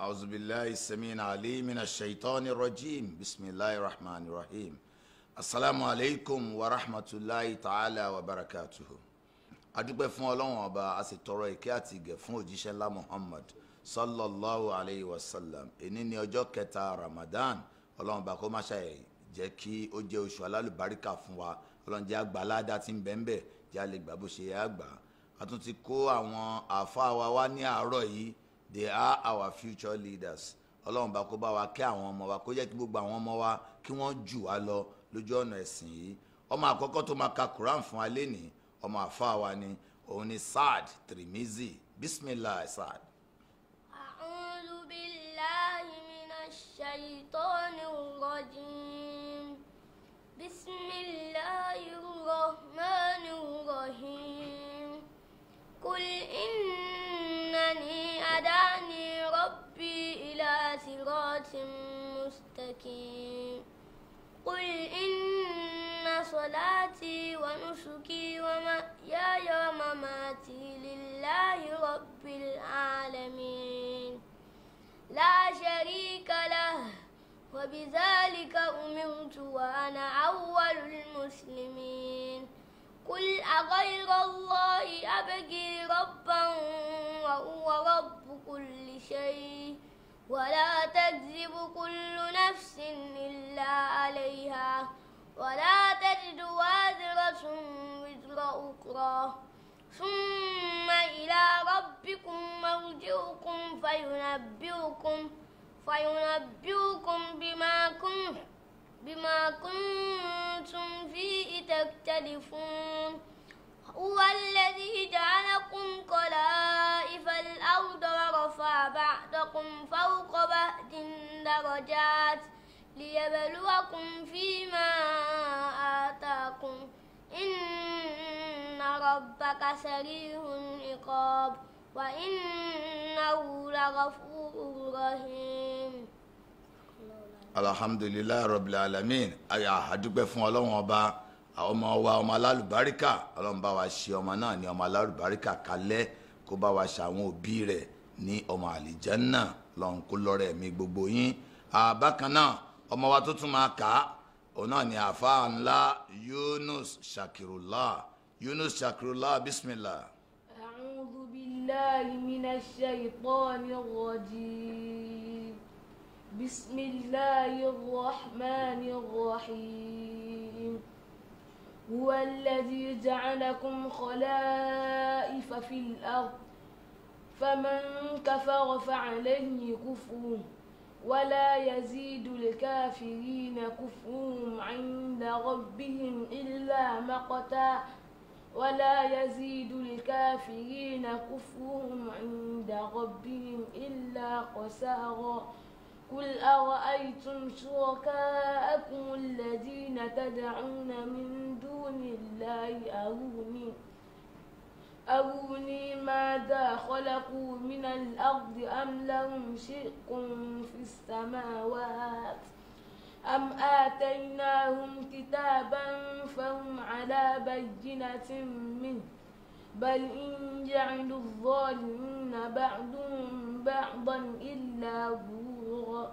أعوذ بالله السميع العليم من الشيطان الرجيم بسم الله الرحمن الرحيم السلام عليكم ورحمة الله تعالى وبركاته adúpẹ́ fún ọlọ́run ọba a sì tọrọ ìkẹ́ àti ìgẹ̀ fún òjíṣẹ́ ńlá muhammad sallallahu alayhi wa sallam èní ni ọjọ́ kẹta ramadan ọlọ́run ọba kó má ṣàyẹ̀ jẹ́ kí ó jẹ́ oṣù alálùbáríkà fún wa ọlọ́run jẹ́ àgbà aládá tí ń bẹ ń bẹ jẹ́ a lè gbà bó ṣe yẹ àgbà a tún ti kó àwọn àáfàá wa wá ní àárọ̀ yìí they are our future leaders ọlọ́run bá kó bá wa kẹ́ àwọn ọmọ wa kó jẹ́ kí gbogbo àwọn ọmọ wa kí wọ́n jù wá lọ lójú ọ̀nà ẹ̀sìn yìí ọmọ àkọ́kọ́ tó máa ka quran fún wa lénìí ọmọ àfáà wa ni òun ni saad tirimizi bisimilahi saad. a'udhu billahi minash shaitonir rajim. حكيم قل إن صلاتي ونسكي ومحياي ومماتي لله رب العالمين لا شريك له وبذلك أمرت وأنا أول المسلمين قل أغير الله أبغي ربا وهو رب كل شيء ولا تكذب كل نفس إلا عليها ولا تجد وازرة وزر أخرى ثم إلى ربكم مرجعكم فينبئكم فينبئكم بما كنتم بما كنتم فيه تختلفون هو الذي جعلكم قلائل بعضكم فوق بعض درجات ليبلوكم فيما آتاكم إن ربك سريع العقاب وإنه لغفور رحيم alhamdulilayi rabil alamin aya adúpẹ́ fún Ọlọ́run ọba àwọn ọmọ wa ọmọ alálùbáríkà Ọlọ́run bá wa ṣe ọmọ náà ní ọmọ alálùbáríkà kalẹ̀ kó bá wa ṣe àwọn òbí rẹ̀ ní ọmọ àlìjánná lọ́n kó lọ́rẹ́ mi gbogbo yín bákan náà ọmọ wa tó tún máa kà á òun náà ni àfáà ńlá Yunus Shakirullah Yunus Shakirullah bismillah. A'udhu billahi minash shaytanir rajim bismillahir rahmanir rahim. هو الذي جعلكم خلائف في الأرض فمن كفر فعليه كفرهم ولا يزيد الكافرين كفرهم عند ربهم إلا مقتا ولا يزيد الكافرين كفرهم عند ربهم إلا قسارا قل أرأيتم شركاءكم الذين تدعون من دون الله أروني أروني ماذا خلقوا من الأرض أم لهم شرك في السماوات أم آتيناهم كتابا فهم على بينة منه بل إن جعلوا الظالمين بعض بعضا إلا بورا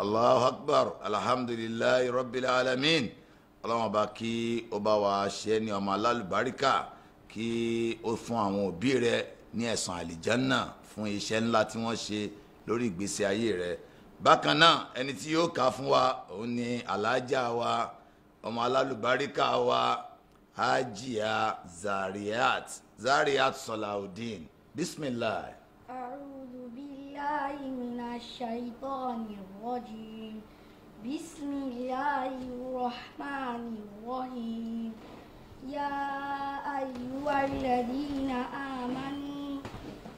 الله أكبر الحمد لله رب العالمين اللهم باكي أبا وعشيني وما البركة kí ó fún àwọn òbí rẹ ní ẹ̀san àlìjánà fún iṣẹ́ ńlá tí wọ́n ṣe lórí ìgbésí ayé rẹ bákan náà ẹni tí yóò kà fún wa òun ni alájà wa ọmọ alálùbáríkà wa hajiya zariat zariat salaudeen bismillah. a'udhu billahi minash shaitanir rajim bismillahir rahmanir rahim. يا أيها الذين آمنوا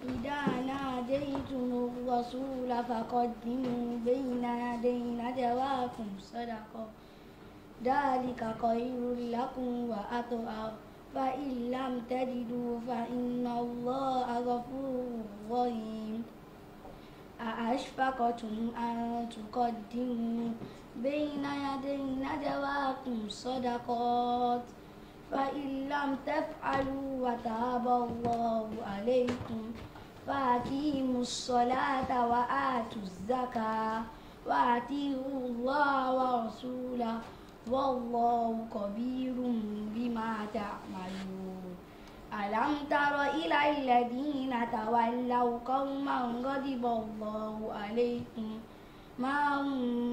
إذا ناديتم الرسول فقدموا بين يدي نجواكم صدقة ذلك خير لكم وأطهر فإن لم تجدوا فإن الله غفور رحيم أأشفقتم أن تقدموا بين يدي نجواكم صدقات فإن لم تفعلوا وتاب الله عليكم فأقيموا الصلاة وآتوا الزكاة وأطيعوا الله ورسوله والله خبير بما تعملون ألم تر إلى الذين تولوا قوما غضب الله عليهم ما هم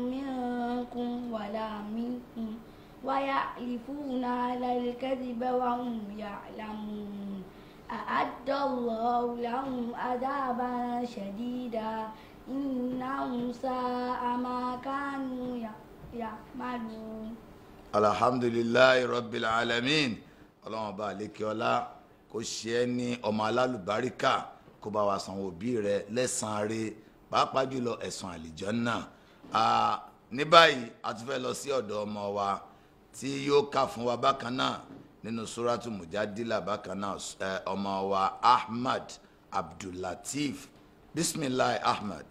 منكم ولا منكم ويحلفون على الكذب وهم يعلمون أعد الله لهم عذابا شديدا إنهم ساء ما كانوا يعملون الحمد لله رب العالمين اللهم بارك ولا kò ṣe ẹ́ ní ọmọ alálùbáríkà kó bá wa san òbí rẹ lẹ́sàn-án rẹ pàápàá jùlọ ẹ̀sùn àlìjọ́nà ní báyìí a tún fẹ́ lọ sí ọ̀dọ̀ ọmọ wa. tí yóò kà fún wa bákan náà nínú suratu mujadila bákan náà ọmọ wa ahmad abdullateef bisimilahi ahmad.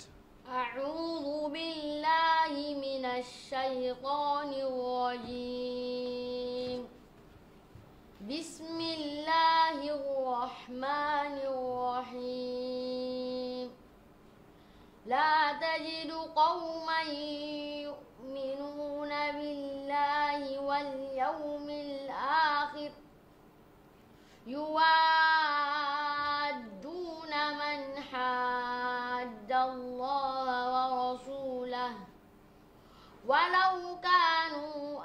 أعوذ بالله من الشيطان الرجيم بسم الله الرحمن الرحيم لا تجد قوما يؤمنون بالله واليوم الآخر يوادون من حاد الله ورسوله ولو كانوا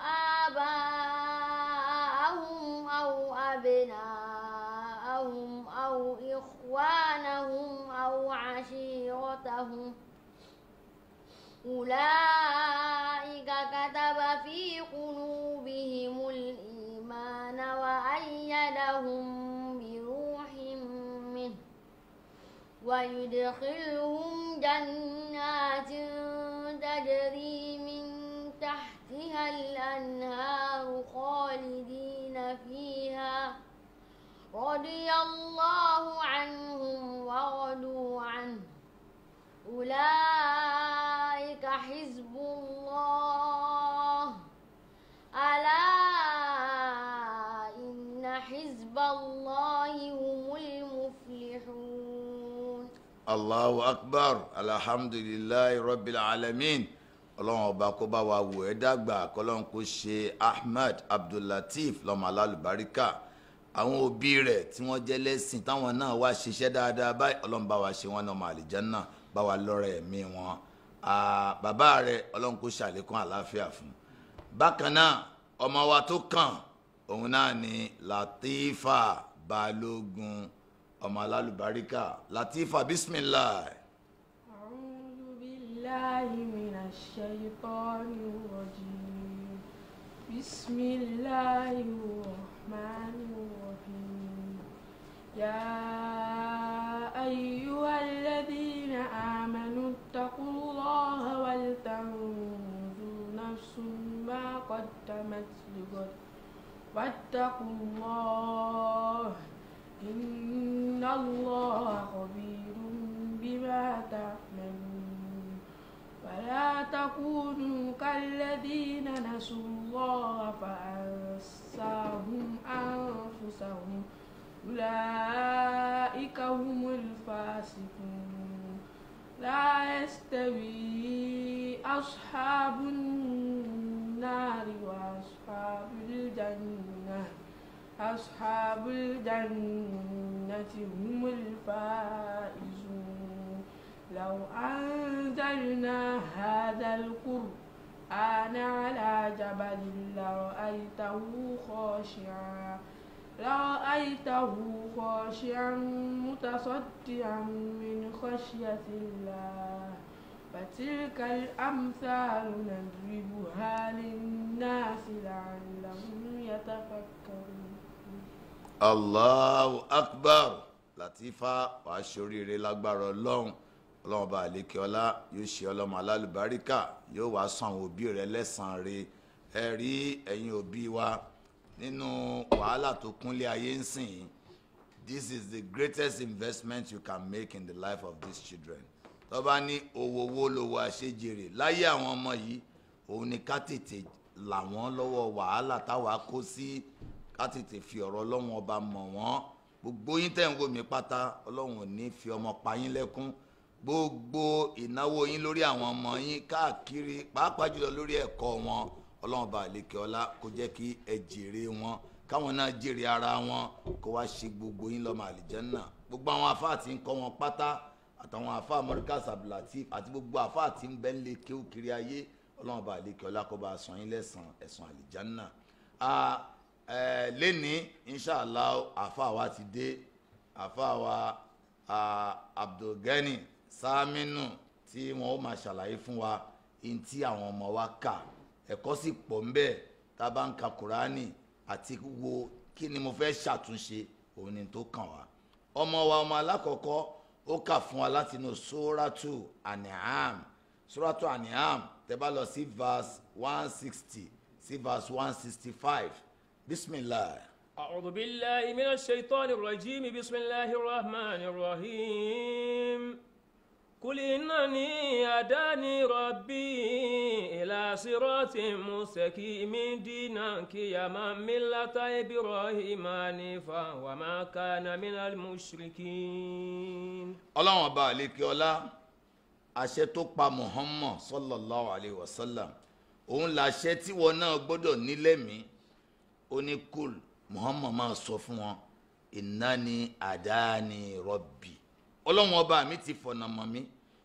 آباءهم أو أبناءهم أو إخوانهم أو عشيرتهم أولئك ويدخلهم جنات تجري من تحتها الأنهار خالدين فيها رضي الله عنهم ورضوا عنه أولئك allahu akbar alhamdulillahi rabbil alamin ọlọ́run ọba kó bá wa wò ẹ́ dàgbà kọ́lọ́run kó ṣe ahmed abdullateef lọ́mọ alálùbáríkà àwọn òbí rẹ̀ tí wọ́n jẹ́ lẹ́sìn táwọn náà wá ṣiṣẹ́ dáadáa báyìí ọlọ́run bá wa ṣe wọ́n náà máa àlìjánnà bá wa lọ́rọ̀ ẹ̀mí wọn bàbá rẹ̀ ọlọ́run kó ṣàlékún àlàáfíà fún bákan náà ọmọ wa tó kàn òun náà ni latifa balógun ọmọ alálùbáríkà latifa bisimilahi. a'udhu billahi minash shaytanir rajim bismillahir rahmanir rahim ya ayyuhal ladhina amanu ittaqullaha wal tanzur nafsun ma qaddamat lighad wattaqu Allah. إن الله خبير بما تعملون فلا تكونوا كالذين نسوا الله فأنساهم أنفسهم أولئك هم الفاسقون لا يستوي أصحاب النار وأصحاب الجنة أصحاب الجنة هم الفائزون لو أنزلنا هذا القرآن على جبل لرأيته خاشعا لرأيته خاشعا متصدعا من خشية الله فتلك الأمثال نضربها للناس لعلهم يتفكرون allahu akbar latifa wàá ṣoríire lágbára ọlọ́run ọlọ́run bá àlékè ọlá yóò ṣe ọlọ́mọ alálùbáríkà yóò wá san àwọn òbí rẹ lẹ́sàn-án ẹ rí ẹ̀yin òbí wa nínú wàhálà tó kúnlé ayé ń sìn yìí this is the greatest investment you can make in the life of these children tó bá ní owó owó lówó àṣejèrè láyé àwọn ọmọ yìí òun ni ká tètè là wọ́n lọ́wọ́ wàhálà táwa kó sí. Si ká tètè fi ọ̀rọ̀ ọlọ́run ọba mọ̀ wọ́n gbogbo yín tẹ̀ ń wò mí pátá ọlọ́run ò ní fi ọmọ pa yín lẹ́kún gbogbo ìnáwó yín lórí àwọn ọmọ yín káàkiri pàápàá jùlọ lórí ẹ̀kọ́ wọn ọlọ́run bá àlékè ọlá kó jẹ́ kí ẹ jèrè wọn káwọn náà jèrè ara wọn kó wá ṣe gbogbo yín lọ́mọ àlìjẹ́nà gbogbo àwọn àfáà tí ń wọn pátá àtàwọn àfáà Morika's Abdulateef àti gbogbo àfáà tí ń kéwù kiri ayé ọlọ́run bá àlékè ọlá kó bá a san yín lẹ́san ẹ̀san àlìjẹ́nà lẹ́ni inshallah àfàwà ti dé àfàwà abdulgani saminu tí wọn ó máa ṣàlàyé fún wa in tí àwọn ọmọ wa kà ẹ̀kọ́ sì pọ̀ ń bẹ́ẹ̀ tá a bá ń ka kuraani àti wo kí ni mo fẹ́ ṣàtúnṣe òun ni tó kàn wá ọmọ wa ọmọ alákọ̀ọ́kọ́ ó kà fún wa láti inú suratu aniam suratu aniam tẹ́ bá lọ sí verse one sixty sí verse one sixty five bisimilah. أعوذ بالله من الشيطان الرجيم بسم الله الرحمن الرحيم قل إنني هداني ربي إلى صراط مستقيم دينا قياما ملة إبراهيم حنيفا وما كان من المشركين ọlọ́run ọba àlekè ọlá àṣẹ tó pa Muhammad sallallahu alayhi wa sallam òun làṣẹ tíwọ náà gbọ́dọ̀ nílẹ̀mìí ó ní kúl muhammad máa sọ fún wọn iná àdáni rọ́bì ọlọ́run ọba mi ti fọ̀nà mọ́ mi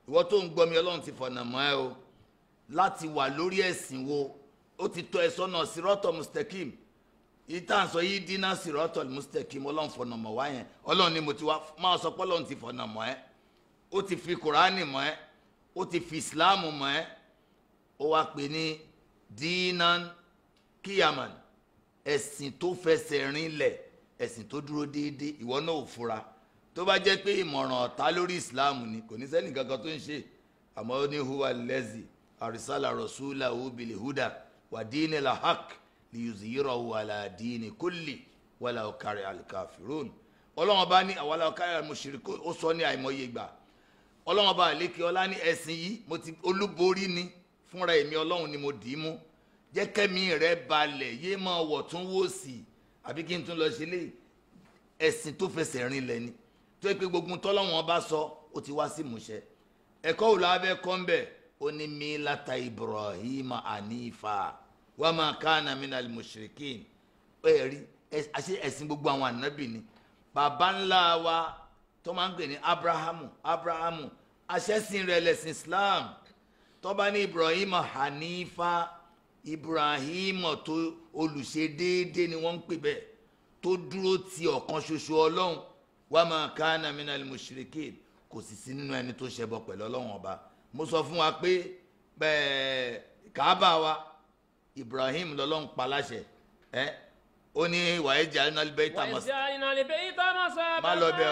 ìwọ tó ń gbọ́ mi ọlọ́run ti fọ̀nà mọ́ ẹ o láti wà lórí ẹ̀sìn wo ó ti tọ́ ẹ sọ́nà sírọ́tọ̀ mustakim ìtànsọ yìí dínà sírọ́tọ̀ mustakim ọlọ́run fọ̀nà mọ́ wá yẹn ọlọ́run ni mo ti wá máa sọ pé ọlọ́run ti fọ̀nà mọ́ ẹ ó ti fi kùránì mọ́ ẹ ó ti fi islam mọ́ ẹ ó wá pè ní dínan kíyàmán ẹ̀sìn tó fẹsẹ̀ rinlẹ̀ ẹ̀sìn tó dúró déédéé ìwọ náà ò fura tó bá jẹ́ pé ìmọ̀ràn ọ̀tá lórí Islam ni kò ní sẹ́ni kankan tó ń ṣe àmọ́ ó ní huwa lẹ́sì àrísàlà rọ̀ṣúlà òbílẹ̀ húdà wàdíìnì làhák lìyùzìyìrọ̀ wàlàdíìnì kúlì wàlà ọ̀kàrẹ̀ àlùkàfíròn ọlọ́wọ́n bá ní àwàlà ọ̀kàrẹ̀ àmọ̀ṣirikó ó sọ ní àìmọye ìgbà ọlọ́wọ́n bá àlékè ọlá ní ẹ̀sìn yìí mo ti olúborí ni fúnra èmi ọlọ́run ni mo dì í mú jẹ́ kẹ́mi rẹ balẹ̀ yéé máa wọ̀ tún wò sí àbí kí n tún lọ ṣe lé ẹ̀sìn tó fẹsẹ̀ rinlẹ̀ ni tó yẹ pé gbogbo tọ́lọ́wọ́n bá sọ ó ti wá sí ìmúṣẹ ẹ̀kọ́ òòlù abẹ́ kọ́ ń bẹ̀ ó ní mílata Ibrahim anifa wa ma kana minal mushrikin ẹ̀rí àṣẹ ẹ̀sìn gbogbo àwọn ànábì ni bàbá ńlá wa tó máa ń pè ní Abrahamu Abrahamu àṣẹ̀sìn rẹ̀ lẹ̀sìn Islam tó bá ní Ibrahim hanifa ibrahim tó olùṣe déédéé ni wọ́n ń pè bẹ́ẹ̀ tó dúró ti ọ̀kan ṣoṣo ọlọ́run wa ma kana minal mushrikin kò sì sí nínú ẹni tó ṣẹbọ pẹ̀lú ọlọ́run ọba mo sọ fún wa pé bẹ́ẹ̀ kaaba wa ibrahim lọ́lọ́run pa láṣẹ ẹ́ ó ní wàyé jàlínà libẹ́ ìta mọ́sá má lọ bẹ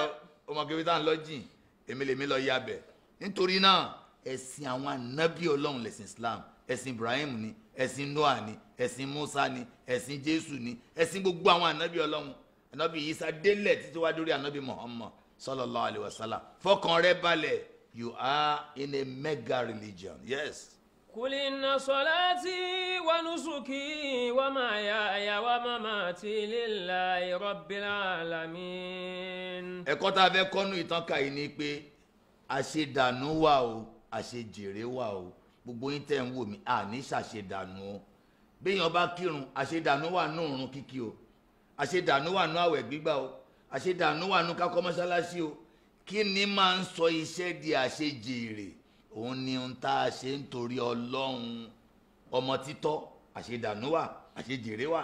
ọmọ kébí tá à ń lọ jìn èmi lèmi lọ yá bẹ nítorí náà ẹ̀sìn àwọn ànábì ọlọ́run lẹ̀sìn islam ẹ̀sìn ibrahim ni ẹ̀sìn noah ni ẹ̀sìn musa ni ẹ̀sìn jésù ni ẹ̀sìn gbogbo àwọn ànábì ọlọ́run ànábì isa délẹ̀ títí wá dórí ànábì muhammad sallallahu alayhi wa fọkàn rẹ balẹ̀ you are in a mega religion yes. قل إن صلاتي ونسكي ومحياي ومماتي لله رب العالمين. ẹ̀kọ́ tá a fẹ́ kọ́nú ìtànkà yìí ni pé àṣedànù wà o àṣejèrè wà o gbogbo yín tẹ́ ń wò mí à ní ṣàṣedànù o béèyàn bá kírun àṣedànù wà nù òrùn kíkí o àṣedànù wà nù àwẹ̀ gbígbà o àṣedànù wà nù kákọ́ mọ́ṣáláṣí o kí ni máa ń sọ iṣẹ́ di àṣejèrè òun ni ohun tá a ṣe ń torí ọlọ́run ọmọ títọ́ àṣedànù wà àṣejèrè wà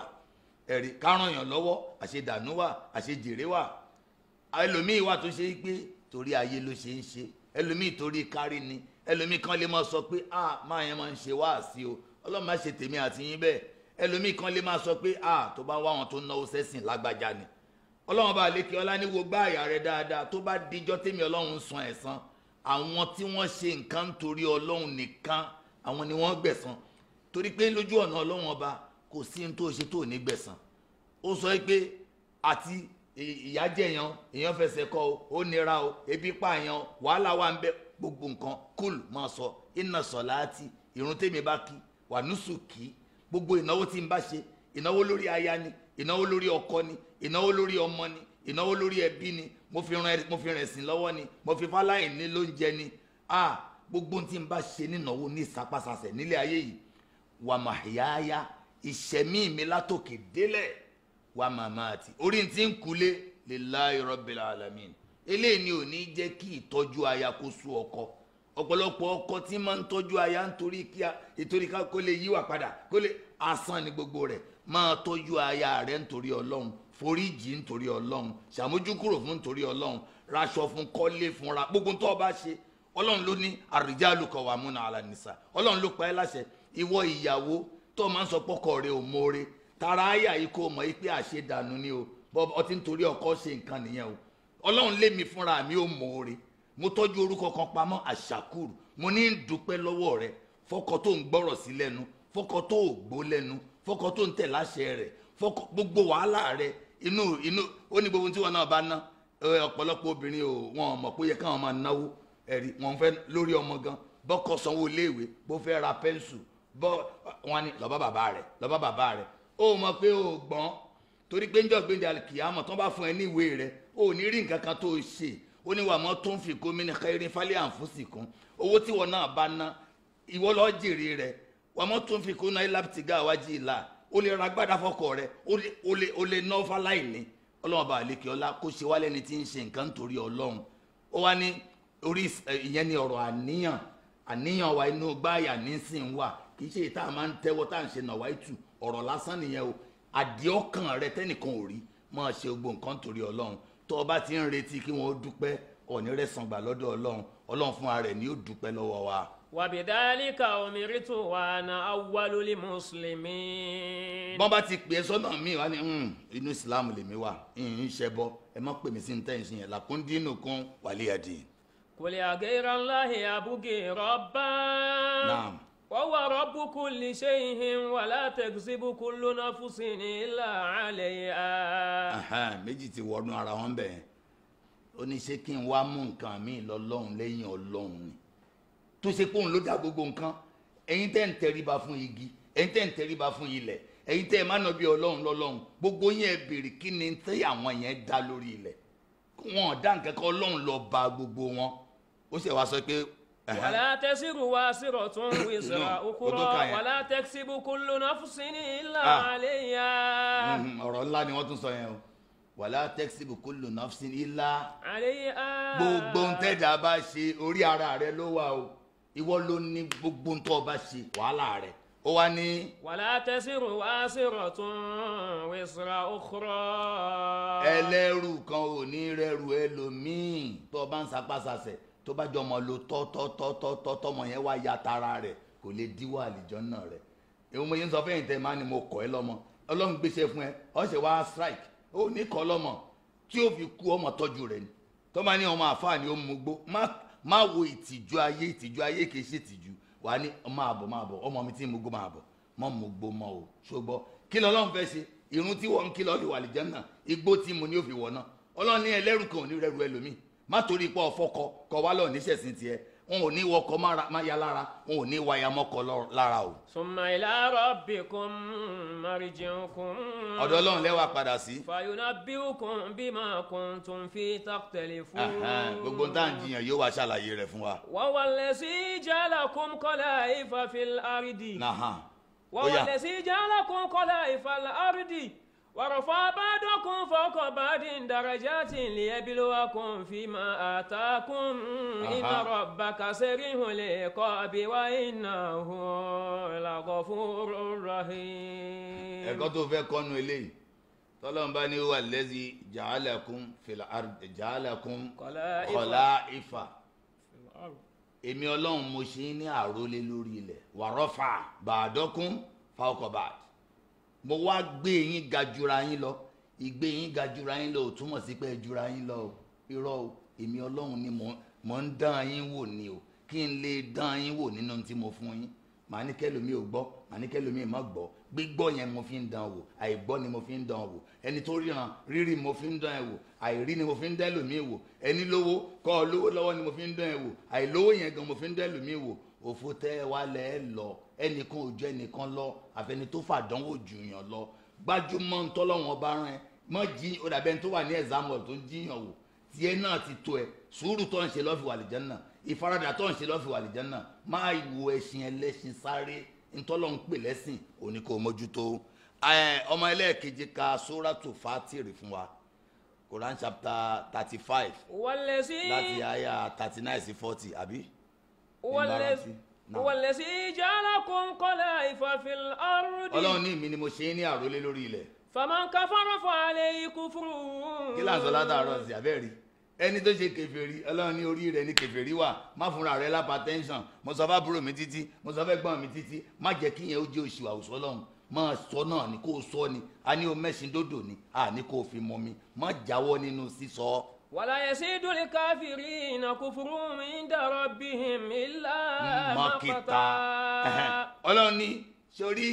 ẹ̀rí kárànyàn lọ́wọ́ àṣedànù wà àṣejèrè wà ẹlòmíì wà tó ṣe é pé torí ayé ló ṣe ń ṣe ẹlòmíì torí kárí ni ẹlòmíì kan lè máa sọ pé ah máa yẹn máa ń ṣe wáàsí o ọlọ́run máa ṣe tèmi àti yín bẹ́ẹ̀ ẹlòmíì kan lè máa sọ pé ah tó bá wá àwọn tó náwó sẹ́sìn lágbájá ni ọlọ́run bá lékè ọlá ní wo gbá àyà rẹ dáadáa tó bá díjọ́ tèmi ọlọ́run ń san ẹ̀san àwọn tí wọ́n ṣe nǹkan nítorí ọlọ́run nìkan àwọn ni wọ́n gbẹ̀san torí pé lójú ọ̀nà ọlọ́run ọba kò sí ní tó ṣe tó ní gbẹ̀san ó sọ pé àti ìyájẹ̀yàn èèyàn fẹsẹ̀ kọ ó nira o ebi pààyàn wàhálà wà ń bẹ́ẹ̀ gbogbo nǹkan kúl máa sọ iná sọláàtì ìrun tèmi bá kí wà nùsùkì gbogbo ìnáwó tí n bá ṣe ìnáwó lórí aya ni ìnáwó lórí ọkọ ni ìnáwó lórí ọmọ ni ìnáwó lórí ẹbí ni mo fi ràn mo fi ràn ẹ̀sìn lọ́wọ́ ni mo fi fáláì ní lóúnjẹ ni a gbogbo tí n bá ṣe nínáwó ní ìsapásasẹ̀ nílé ayé yìí wà màhíyáyá ìṣẹ̀mí mi látòkè délẹ̀ wà màmá àti orí ti ń kulé lillahi rabbil alamin eléyìí ni ò ní jẹ́ kí ìtọ́jú aya kó sú ọkọ ọ̀pọ̀lọpọ̀ ọkọ tí máa ń tọ́jú aya nítorí kí a ìtorí ká kó lè yíwà padà kó lè asán ni gbogbo rẹ̀ máa tọ́jú aya rẹ̀ nítorí ọlọ́run foríjì nítorí ọlọ́run ṣàmójúkúrò fún nítorí ọlọ́run raṣọ fún kọ́lé fúnra gbogbo tó o bá ṣe ọlọ́run ló ní àrìjálù kọ̀wámúnà alànìsà ọlọ́run ló pa ẹ́ láṣẹ ìwọ ìyàwó tó o máa ń sọ pọ́kọ rẹ ò mọ́ọ́rẹ́ tara àyà yìí kó o mọ̀ yìí pé àṣedànù ni o bọ́ ọtí nítorí ọkọ ṣe nǹkan nìyẹn o ọlọ́run lé mi fúnra mi ó mọ̀ọ́re mo tọ́jú orúkọ kan pamọ́ àṣàkùrù mo ní ń dúpẹ́ lọ́wọ́ rẹ fọkọ tó ń gbọ́rọ̀ sí lẹ́nu fọkọ tó ò gbó lẹ́nu fọkọ tó ń tẹ̀ láṣẹ rẹ fọkọ gbogbo wàhálà rẹ inú inú ó ní gbogbo tí wọn náà bá ná ọ̀pọ̀lọpọ̀ obìnrin ò wọn mọ̀ pé ó yẹ káwọn máa náwó ẹ̀rí wọn fẹ́ lórí ọmọ gan bọ́kọ sanwó iléèwé bó fẹ́ ra pẹ́ńsù bọ́ wọn ni lọ́ba bàbá rẹ̀ lọ́ba bàbá rẹ̀ ó mọ̀ pé ó gbọ́n torí pé ń jọ́ gbé o ò ní rí nǹkan kan tó o ṣe ó ní wàá mọ́ tó ń fi gómìnà kẹrin falẹ́ àǹfọ̀sì kún owó tí wọn náà bá ná ìwọ lọ́ọ́ jèrè rẹ̀ wàá tó ń fi kún náà láptìgá ìlà ó lè ra gbádà fọkọ rẹ̀ ó lè ná fáláìní ọlọ́run bá àlekè ọlá kó ṣe wálé ẹni tí ń ṣe nǹkan nítorí ọlọ́run ó wá ní orí ìyẹn ni ọ̀rọ̀ àníyàn àníyàn wa inú gbáàyà nísìn wà kì í ṣe ìta máa ń tẹ́wọ́ tá à ń ṣe nàwá ìtù ọ̀rọ̀ lásán nìyẹn o àdìọ́kàn rẹ tẹ́nìkan ò rí máa ṣe gbogbo nǹkan nítorí ọlọ́run tó o ti ń retí kí wọ́n dúpẹ́ ọ̀ní rẹ̀ sàngbà lọ́dọ̀ ọlọ́run ọlọ́run fúnra rẹ̀ ni ó dúpẹ́ lọ́wọ́ wa. wàbídálíkà omiritu wa na awaloli mùsùlùmí. bọ́n bá ti pè é sọ́nà mi wá ní hmm, inú islam lèmi wà ń ṣẹbọ ẹ má pè mí sí ní tẹ́yìn yẹn làkúndínù kan wàlíyàdì. kòlì àgẹ́rẹ́ ńlá ìyàbùgì rọ́bà. naam وهو رب كل شيء ولا تكسب كل نفس إلا عليها. aha méjì ti wọnú ara wọn bẹ́ẹ̀ ó ní ṣé kí n wá mú nǹkan mi lọ́lọ́run lẹ́yìn ọlọ́run ni tó ṣe pé òun ló dá gbogbo nǹkan ẹ̀yin tẹ́ ń tẹríba fún igi ẹ̀yin tẹ́ ń tẹríba fún ilẹ̀ ẹ̀yin tẹ́ ẹ má nà bí ọlọ́run lọ́lọ́run gbogbo yẹn béèrè kí ni tẹ́ àwọn yẹn dá lórí ilẹ̀ wọn ò dá nǹkan kan ọlọ́run ló ba gbogbo wọn ó sì wá sọ pé ولا tẹ́sírù wá sírọ̀ أخرى ولا تكسب كل نفس إلا عليا. ní ilà àléyà. ọ̀rọ̀ ńlá ni wọ́n tún sọ yẹn o wàlá tẹ́síbù kúlù náfùsí ní ilà àléyà. gbogbo ntẹ́jà bá ṣe orí ara rẹ ló wà o ìwọ ló ní gbogbo wàhálà rẹ ó wá ní. wàlá tẹ́sírù wá sírọ̀ tún wíṣọ̀ òkúrọ̀. ẹlẹ́rù kan ò ní rẹrù ẹlòmíì tó o bá ń sapásasẹ̀ tó bá jọ ọmọ lo tọ́tọ́tọ́tọ́ tọmọ yẹn wá ya tara rẹ̀ kò lè díwọ́ àlìjọ́nà rẹ̀ èmi mo yẹn sọ fẹ́yìn tẹ́ máa ni mo kọ́ ẹ lọ́mọ ọlọ́run gbèsè fún ẹ ọ̀sẹ̀ wá strike ó ní kọ́ lọ́mọ tí ó fi kú ọmọ tọ́jú rẹ̀ ni tó bá ní ọmọ àfáà ni ó mú gbó má wo ìtìjú ayé ìtìjú ayé kì í ṣe ìtìjú wà á ní máa bọ̀ máa bọ̀ ọmọ mi tí mo gbó máa bọ̀ mọ́ mo gbó mọ́ o ṣùgbọ́ kí lọ́lọ́run fẹ́ ṣe irun tí wọ́n ń kí lọ́ọ́ fi wà àlìjọ́nà igbó tí mo ní ó wọ̀ náà ọlọ́run ní ẹlẹ́rù kan ò ní rẹ́rù ẹlòmíì má torí pé ọ̀fọ́kọ kọ wá lọ́ọ̀ níṣẹ̀sìn tiẹ̀ wọn ò ní wọkọ máya lára wọn ò ní wáyà mọ́kọ lára o. summa ila rabbikum marji'ukum. ọ̀dọ̀ ọlọ́run lẹ́wà padà sí. fayunabbi'ukum bima kuntum fi takhtalifun. gbogbo tá à jiyàn yóò wá ṣàlàyé rẹ̀ fún wa. wa wallazi ja'alakum khala'ifa fil ardi. wa wallazi ja'alakum khala'ifa fil ardi. ورفع بعضكم فوق بعض درجات ليبلوكم فيما آتاكم إن ربك سريع العقاب وإنه لغفور رحيم ẹ̀kọ́ tó fẹ́ kọ́nu eléyìí tọ́lọ́n bá ní wà lẹ́sí jàálàkún jàálàkún kọláìfà èmi ọlọ́run mo ṣe ní àrólé lórí ilẹ̀ wàrọ́fà bàdọ́kún fáwọkọ̀ bàdì mo wá gbé yín ga jura yín lọ ìgbé yín ga jura yín lọ ò túmọ̀ sí pé jura yín lọ o irọ́ o èmi ọlọ́run ni mò ń dán yín wò ni o kí n lè dán yín wò nínú tí mo fún yín màá ní kẹlòmí ò gbọ́ màá ní kẹlòmí má gbọ́ gbígbọ́ yẹn mo fi ń dán wò àìgbọ́ ni mo fi ń dán wò ẹni tó ríran rírì mo fi ń dán ẹ wò àìrí ni mo fi ń dán ẹlòmí wò ẹni lówó kọ́ ọ lówó lọ́wọ́ ni mo fi ń dán ẹ wò àìlówó yẹn gan mo fi ń dán ẹlòmí wò òfò tẹ́ ẹ wá lẹ́ ẹ lọ ẹnìkan ò ju ẹnìkan lọ àfẹni tó fàdánwò jù yàn lọ gbájúmọ́ ń tọ́lọ́wọ́n bá rán ẹ mọ́ jí ọ̀dàbẹ́ tó wà ní exam tó ń jíyàn wò tiẹ̀ náà ti tó ẹ sùúrù tó ń ṣe lọ́ọ́ fi wà àlìjánnà ìfaradà tó ń ṣe lọ́ọ́ fi wà àlìjánnà máa wo ẹṣin ẹlẹ́ṣin sáré ntọ́lọ́ ń pè lẹ́sìn òní kò mójútó ọmọ ẹlẹ́ẹ̀kejì ka sóràtù fátìrì fún wa Quran chapter thirty five láti aya thirty nine sí forty àbí wọ̀lẹ̀sí jálàkùn kọ́lá ìfàfil ọ̀rùdì. ọlọ́run ní mi ni mo ṣe é ní àrólé lórí ilẹ̀. fàmọ́ nǹkan fọ́nrán fún alẹ́ ikú fún un. kí láǹsọ látàárọ̀ sí abẹ́rì ẹni tó ṣe kèfèrí ọlọ́run ní orí rẹ̀ ní kèfèrí wà má fúnra rẹ̀ lápá tẹ́ńsán mo sọ fẹ́ búrò mi títí mo sọ fẹ́ gbọ́n mi títí má jẹ́ kí yẹn ó jẹ́ òṣìwà òṣọ́lọ́run máa sọ náà ni kó o sọ ni a ní o mẹ́sìn dódò ni a ní kó fi mọ mi má jáwọ́ nínú sísọ. ولا يزيد الكافرين كفرهم عند ربهم إلا مقتا ọlọ́run ní sórí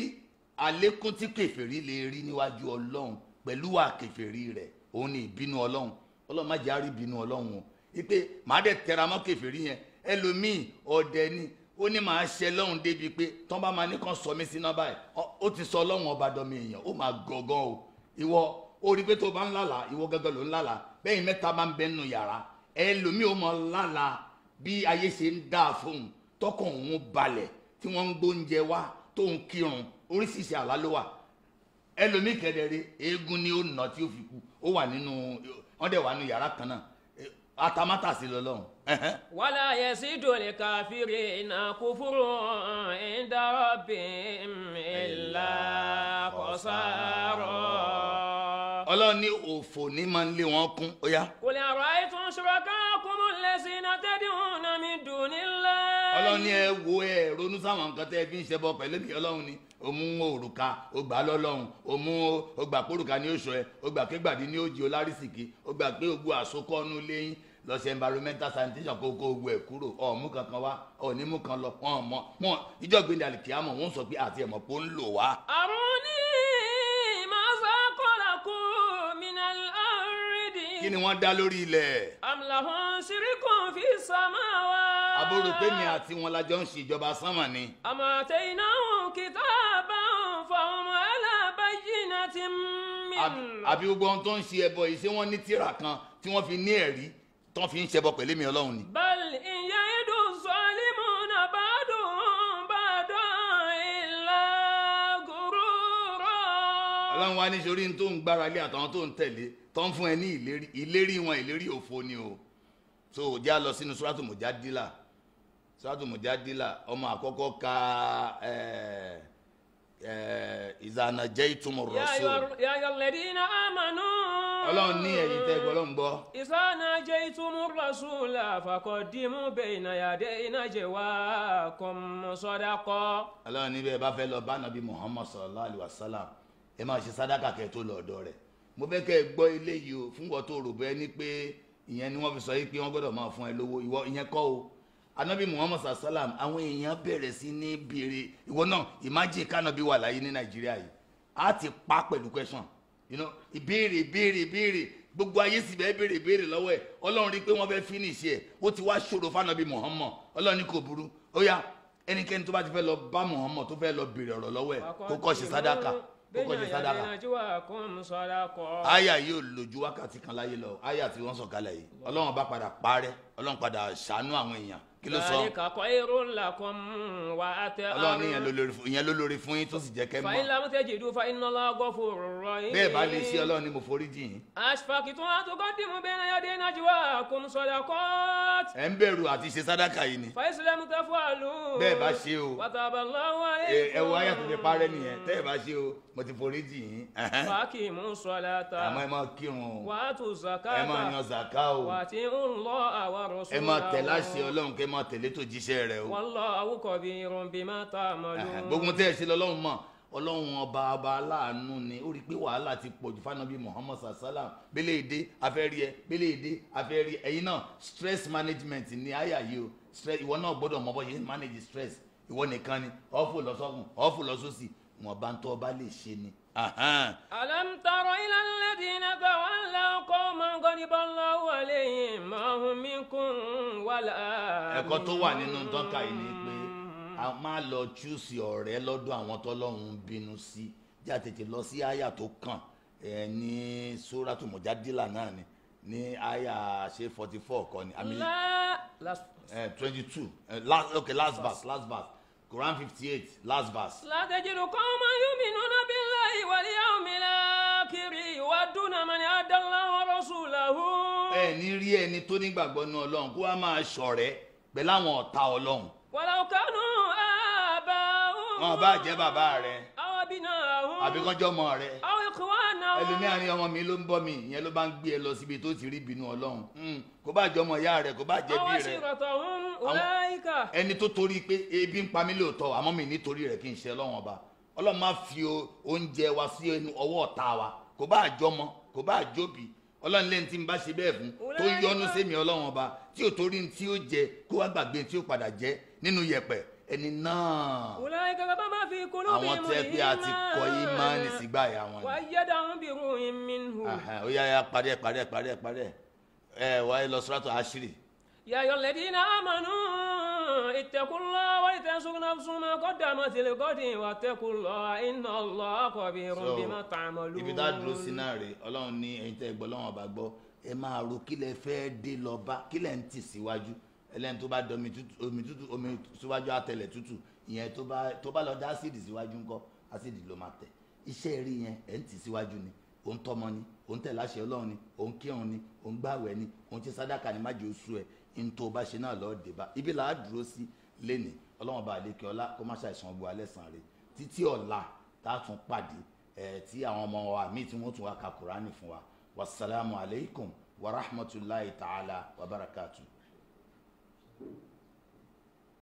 àlékún tí kèfèrí lè rí níwájú ọlọ́run pẹ̀lú wà kèfèrí rẹ̀ òun ni ìbínú ọlọ́run ọlọ́run má jẹ́ àrí ìbínú ọlọ́run o wípé màá dẹ̀ tẹra mọ́ kèfèrí yẹn ẹlòmíì ọ̀dẹ ni ó ní màá ṣe lọ́hùn débi pé tán bá máa ní kàn sọ mí síná báyìí ó ti sọ ọlọ́run ọba dọ́mi èèyàn ó máa gọ̀ọ̀gàn o ìwọ ó pé tó bá ń lálàá ìwọ gángan ló ń lálàá bẹ́yìn mẹ́ta máa ń bẹ nínú yàrá ẹlòmíì ó mọ lála bí ayé ṣe ń dáa fóun tọkàn òun balẹ̀ tí wọ́n ń gbóúnjẹ wá tóun kírun oríṣiríṣi àlá ló wà ẹlòmíì kẹdẹrẹ eégún ni ó nà tí ó fi kú ó wà nínú wọ́n dẹ̀ wà nínú yàrá kan náà atamátàsí lọ́lọ́run. wàlá yẹsí dòlè káfíìrì iná kúfúrú ìdárọ̀bì ńlá kọ̀sárọ̀ ọlọ́run ní òfò ní máa ń lé wọn kún ó yá. kò lè ọ̀rọ̀ ìtún ṣòro kan kún mú lẹ́sìn iná tẹ́tí òun mi dùn nílẹ̀. ọlọ́run ní ẹ wo ẹ ronú sáwọn nǹkan tẹ́ ẹ fi ń ṣẹbọ pẹ̀lú mi ọlọ́run ni ó mú òrùka ó gbà lọ́lọ́run ó mú ó gbà pórùka ní oṣù ẹ ó gbà pé gbàdí ní òjì olárísìkì ó gbà pé ogun àsokọ́nu léyìn lọ ṣe environmental sanitation kó kó ogun ẹ kúrò ọmú kankan wá ọ̀ní kan lọ wọn mọ wọn ìjọ ní kí ni wọ́n dá lórí ilẹ̀. àmàlàhùn ṣìríkùn fi sàmà wá. àbúrò pé mi àti wọn lajọ ń ṣèjọba sánmà ni. àmọ́ àtẹ iná òun kìtà bá òun fọ ọmọ alábàájìnà ti mí. àbí gbogbo ohun tó ń ṣe ẹbọ yìí ṣé wọ́n ní tírà kan tí wọ́n fi ní ẹ̀rí tí fi ń ṣẹbọ pẹ̀lú mi ọlọ́run ni. bẹ́ẹ̀ni ìyá idun sọlímù náà bá dùn bá dán ilà gòrò rọ. ọlọ́run wa ní tó ń fún ẹ ní ìlérí wọn ìlérí òfo ni o so já lọ sínú suratu mujadila suratu mujadila ọmọ àkọ́kọ́ ka ẹ̀ẹ́. Eh, ìza eh, najaytum ar-rasul. yàyọ̀ lẹ́dínà àmànú. ọlọ́run ní ẹ̀yìn tẹ́ gbọ́lọ́n gbọ́. ìza najaytum ar-rasul faqaddimu bayna yaday najwakum sadaqa. ọlọ́run níbẹ̀ bá fẹ́ lọ bá nàbí muhammad sallallahu alaihi wa sallam ẹ máa ṣe sádàkà kẹ́ tó lọ ọ̀dọ̀ rẹ̀ mo fẹ́ kẹ́ ẹ gbọ́ eléyìí o fún wọn tó rò bẹ́ẹ̀ ni pé ìyẹn ni wọ́n fi sọ yìí pé wọ́n gbọ́dọ̀ máa fún ẹ lówó ìwọ ìyẹn kọ́ o anabi muhammad sallam àwọn èèyàn bẹ̀rẹ̀ sí ní béèrè ìwọ náà imagine kanabi wà láyé ní nàìjíríà yìí á ti pa pẹ̀lú question you know ìbéèrè ìbéèrè ìbéèrè gbogbo ayé sì bẹ́ẹ̀ béèrè béèrè lọ́wọ́ ẹ̀ ọlọ́run rí i pé wọ́n fẹ́ finish ẹ̀ ó ti wá ṣòro fanabi muhammad ọlọ́run ní kò burú ó yá ẹnikẹ́ni tó bá ti fẹ́ lọ bá muhammad tó fẹ́ lọ béèrè ọ̀rọ̀ lọ́wọ́ ẹ̀ kó kọ́ ṣe sádàkà kọjá sádàkà àyà yóò lójú wákàtí kan láyé lọ àyà tí wọ́n sọ̀kalẹ̀ yìí ọlọ́run bá padà parẹ́ ọlọ́run padà ṣàánú àwọn èèyàn kí ló sọ. ذلك خير لكم وأطعم. ọlọ́run ìyẹn ló lórí fún yín tó sì jẹ́ kẹ́ mọ́. فإن لم تجدوا فإن الله غفور رحيم. bẹ́ẹ̀ bá lè ṣe ọlọ́run ni mo forí jì yín. أشفقتم أن تقدموا بين يدي نجواكم صدقات. ẹ ń bẹ̀rù àti ṣe sádàkà yìí ni. فإن لم تفعلوا. bẹ́ẹ̀ bá ṣe o. وتاب الله عليكم. ẹ wo ayé àtúndé parẹ́ nìyẹn tẹ́ ẹ bá ṣe o mo ti forí jì yín ẹ máa tẹ̀lé àṣẹ ọlọ́run kẹ́ máa tẹ̀lé tó jíṣẹ́ rẹ̀ o. wallahu khabirun bima ta'malun. gbogbo tẹ́ ẹ ṣe lọ́lọ́run mọ̀ ọlọ́run ọba ọba aláàánú ni ó rí i pé wàhálà ti pọ̀jù fanabi muhammad sasalam bẹ́lẹ̀ èdè afẹ́rí ẹ bẹ́lẹ̀ èdè afẹ́rí ẹ̀yin náà stress management ni àyà yìí o stress ìwọ náà gbọ́dọ̀ mọ bó ṣe manage stress ìwọ nìkan ni ọ̀fù lọ́sọ̀kùn ọ̀fù lọ́sọ̀sì wọn bá ń tọ́ ọba lè ṣe ni ألم تر إلى الذين تولوا قوما غضب الله عليهم ما هم منكم ولا ẹ̀kọ́ tó wà nínú dọ́kà yìí ni pé a máa lọ chúùsì ọ̀rẹ́ lọ́dọ̀ àwọn tọ́lọ́run bínú sí já tètè lọ sí àyà tó kàn ní sóràtù mọ̀jádìlà náà ni ní àyà ṣe forty four kọ́ eh, twenty two eh, last okay last verse last verse. Quran 58, last verse. لا تجد قوما يؤمنون بالله واليوم الآخر يودون من أدى الله ورسوله. ẹ ní rí ẹni tó nígbàgbọ́ ní ọlọ́run kó wá máa ṣọ̀rẹ́ pẹ̀lú àwọn ọ̀tá ọlọ́run. wàlá kánú àbá òun. wọn bá jẹ́ bàbá rẹ. àwọn abínà òun. àbíkọ́jọ́ mọ́ rẹ. àwọn ẹlòmí àárín ọmọ mi ló ń bọ́ mi ìyẹn ló bá ń gbé ẹ lọ síbi tó ti rí ìbínú ọlọ́run hmm. kó bá jẹ ọmọ ìyá rẹ kó bá jẹ bí rẹ ẹni tó torí pé ebi ń pa mí lóòótọ́ àmọ́ mi nítorí rẹ̀ kí n ṣe ọlọ́run ọba ọlọ́run má fi oúnjẹ wa sí ọwọ́ ọ̀tá wa kó bá jọmọ kó bá jóbi ọlọ́run lẹ́yìn tí n bá ṣe bẹ́ẹ̀ fún tó yọnu sẹ́mi ọlọ́run ọba tí ò torí tí ó jẹ kó wá gbàgbé tí ó padà jẹ nínú yẹ̀pẹ̀ ẹni náà. wùláyé kẹfẹ bá máa fi kúlú bí mu ìmọ̀ àwọn tẹ́ pé a ti kọ ìmánì sígbà yìí mi hù. ó yá ya parí ẹ parí ẹ parí ẹ parí ẹ ẹ wàá lọ sọ́tọ̀ iná lọ bí irun bí mọ́ ibi tá a dúró sí náà rè ọlọ́run ní ẹ̀yin tẹ́ gbọ́ lọ́wọ́n ọba gbọ́ ẹ máa ro kílẹ̀ fẹ́ dé lọ kílẹ̀ ń tì síwájú ẹlẹ́ni tó bá dọ omi tútù omi síwájú àtẹlẹ̀ tútù ìyẹn tó bá lọ dá ásìdì síwájú ńkọ́ ásìdì ló máa tẹ̀ iṣẹ́ rí yẹn ẹ̀ ń tì síwájú ni òun tọmọ ni òun tẹ̀ láṣẹ ọlọ́run ni òun kírun ni òun gbàwẹ̀ ni òun ti sádàkà ni májò oṣù ẹ̀ ń tó bá ṣe náà lọ́ọ́ dèbà ibi là á dúró sí lẹ́nì ọlọ́run bá àdékè ọlá kó má ṣàìsàn ọgbọ alẹ́ sàn rè títí ọ̀la tá a tún pàdé ẹ̀ tí àwọn ọmọ wa míì tí wọ́n tún wá ka kùránì fún wa wasalaamu wa rahmatulahi ta'ala wa barakatuh. Thank you.